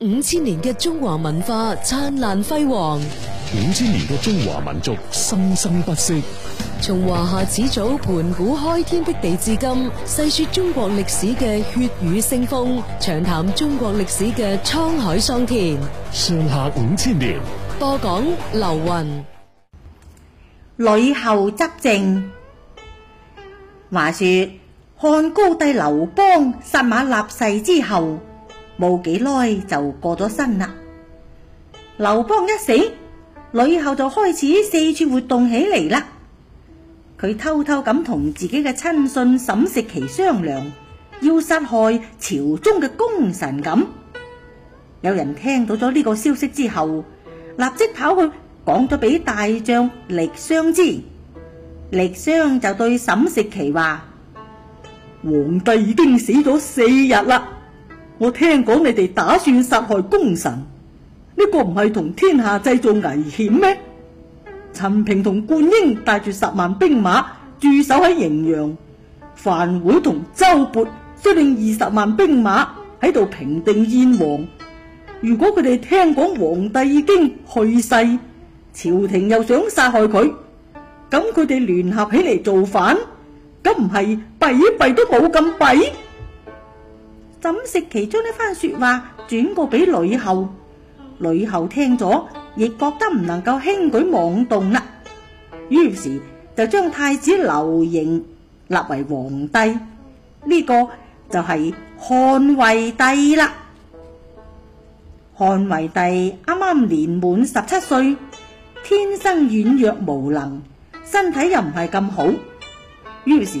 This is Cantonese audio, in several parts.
五千年嘅中華文化燦爛輝煌，五千年嘅中華民族生生不息。從華夏始祖盤古開天辟地至今，細說中國歷史嘅血雨腥風，長談中國歷史嘅滄海桑田。上下五千年，多講劉雲，呂后執政。話說漢高帝劉邦殺馬立誓之後。冇幾耐就過咗身啦。劉邦一死，呂后就開始四處活動起嚟啦。佢偷偷咁同自己嘅親信沈食其商量，要殺害朝中嘅功臣咁。有人聽到咗呢個消息之後，立即跑去講咗俾大將酈商知。酈商就對沈食其話：皇帝已經死咗四日啦。我聽講你哋打算殺害功臣，呢個唔係同天下製造危險咩？陳平同灌嬰帶住十萬兵馬駐守喺滎陽，樊噲同周勃率領二十萬兵馬喺度平定燕王。如果佢哋聽講皇帝已經去世，朝廷又想殺害佢，咁佢哋聯合起嚟造反，咁唔係弊一弊都冇咁弊。怎食其中呢番說話轉過俾呂后，呂后聽咗亦覺得唔能夠輕舉妄動啦，於是就將太子劉盈立為皇帝，呢個就係漢惠帝啦。漢惠帝啱啱年滿十七歲，天生軟弱無能，身體又唔係咁好，於是。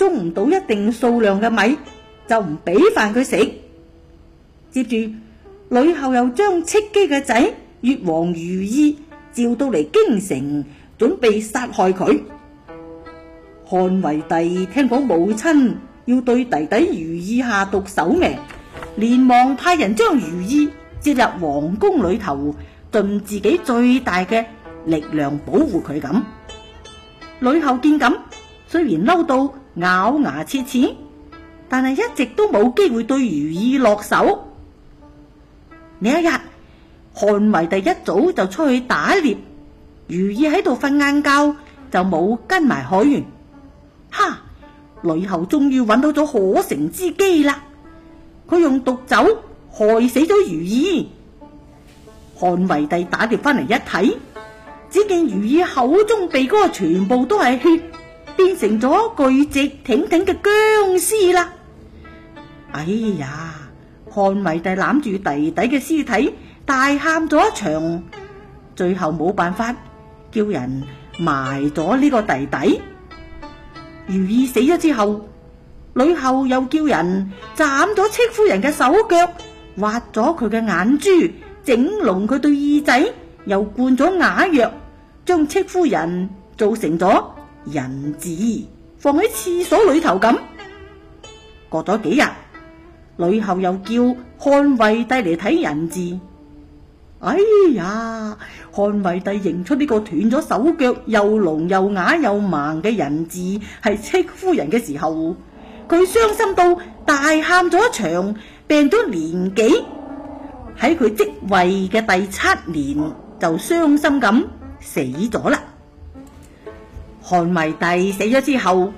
捉唔到一定數量嘅米，就唔俾飯佢食。接住，呂后又將戚姬嘅仔越王如意召到嚟京城，準備殺害佢。漢惠帝聽講母親要對弟弟如意下毒手命，連忙派人將如意接入皇宮裏頭，盡自己最大嘅力量保護佢。咁呂后見咁。雖然嬲到咬牙切齒，但係一直都冇機會對如意落手。呢一日，漢惠帝一早就出去打獵，如意喺度瞓晏覺就冇跟埋海員。哈！呂后終於揾到咗可乘之機啦！佢用毒酒害死咗如意。漢惠帝打獵翻嚟一睇，只見如意口中、鼻哥全部都係血。變成咗巨，直挺挺嘅僵屍啦！哎呀，漢惠帝攬住弟弟嘅屍體，大喊咗一場，最後冇辦法叫人埋咗呢個弟弟。如意死咗之後，呂后又叫人斬咗戚夫人嘅手腳，挖咗佢嘅眼珠，整聾佢對耳仔，又灌咗啞藥，將戚夫人做成咗。人彘放喺廁所裏頭咁，過咗幾日，呂后又叫漢惠帝嚟睇人彘。哎呀，漢惠帝認出呢個斷咗手腳、又聾又啞又盲嘅人彘係戚夫人嘅時候，佢傷心到大喊咗一場，病咗年幾。喺佢即位嘅第七年，就傷心咁死咗啦。漢惠帝死咗之後，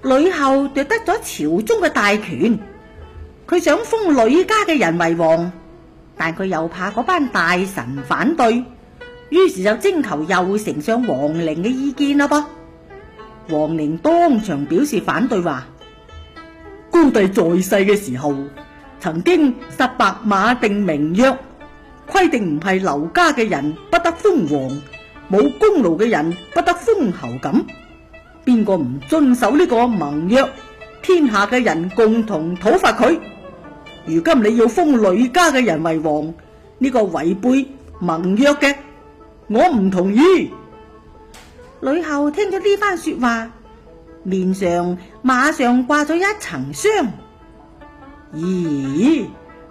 呂后奪得咗朝中嘅大權。佢想封呂家嘅人為王，但佢又怕嗰班大臣反對，於是就徵求右丞相王陵嘅意見啦噃。王陵當場表示反對，話：高帝在世嘅時候，曾經殺白馬定名約，規定唔係劉家嘅人不得封王。冇功勞嘅人不得封侯咁，邊個唔遵守呢個盟約？天下嘅人共同討伐佢。如今你要封呂家嘅人為王，呢個違背盟約嘅，我唔同意。呂后聽咗呢番說話，面上馬上掛咗一層霜。咦？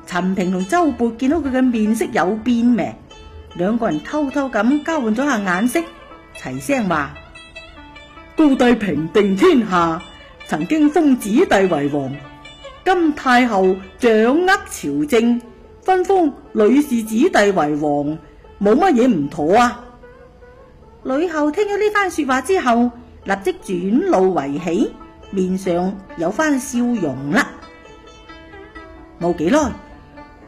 陳平同周勃見到佢嘅面色有變咩？兩個人偷偷咁交換咗下眼色，齊聲話：高帝平定天下，曾經封子弟為王，今太後掌握朝政，分封呂氏子弟為王，冇乜嘢唔妥啊！呂後聽咗呢番說話之後，立即轉怒為喜，面上有返笑容啦。冇幾耐，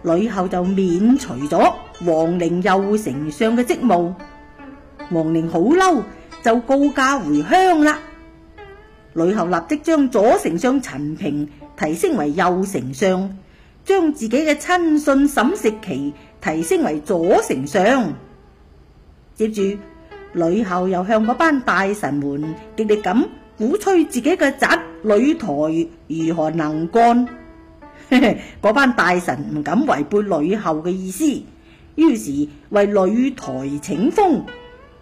呂后就免除咗。王陵右丞相嘅職務，王陵好嬲，就告假回鄉啦。呂后立即將左丞相陳平提升為右丞相，將自己嘅親信沈食其提升為左丞相。接住呂后又向嗰班大臣們極力咁鼓吹自己嘅侄呂台如何能幹，嗰 班大臣唔敢違背呂后嘅意思。於是為呂台請封，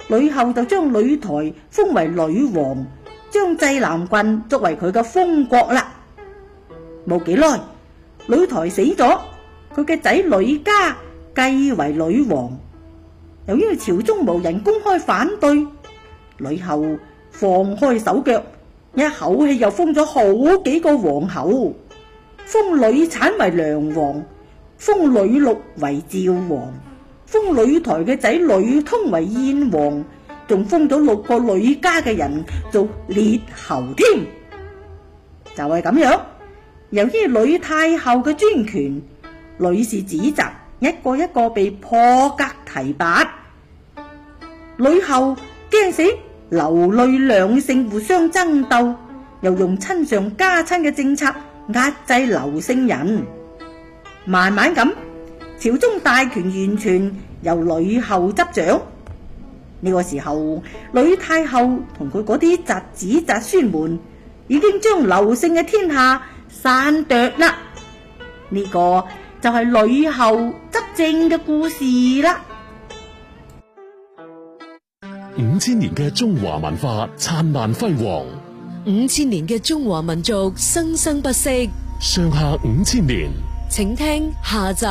呂后就將呂台封為呂王，將濟南郡作為佢嘅封國啦。冇幾耐，呂台死咗，佢嘅仔呂嘉繼為呂王。由於朝中無人公開反對，呂后放開手腳，一口氣又封咗好幾個皇后，封呂產為梁王。封呂祿為趙王，封呂台嘅仔呂通為燕王，仲封咗六個呂家嘅人做列侯添。就係咁樣，由於呂太后嘅專權，呂氏子侄一個一個被破格提拔，呂后驚死，劉呂兩姓互相爭鬥，又用親上加親嘅政策壓制劉姓人。慢慢咁，朝中大權完全由呂后執掌。呢個時候，呂太后同佢嗰啲侄子侄孫們已經將劉姓嘅天下散奪啦。呢個就係呂后執政嘅故事啦。五千年嘅中華文化燦爛輝煌，五千年嘅中華民族生生不息，上下五千年。請聽下集。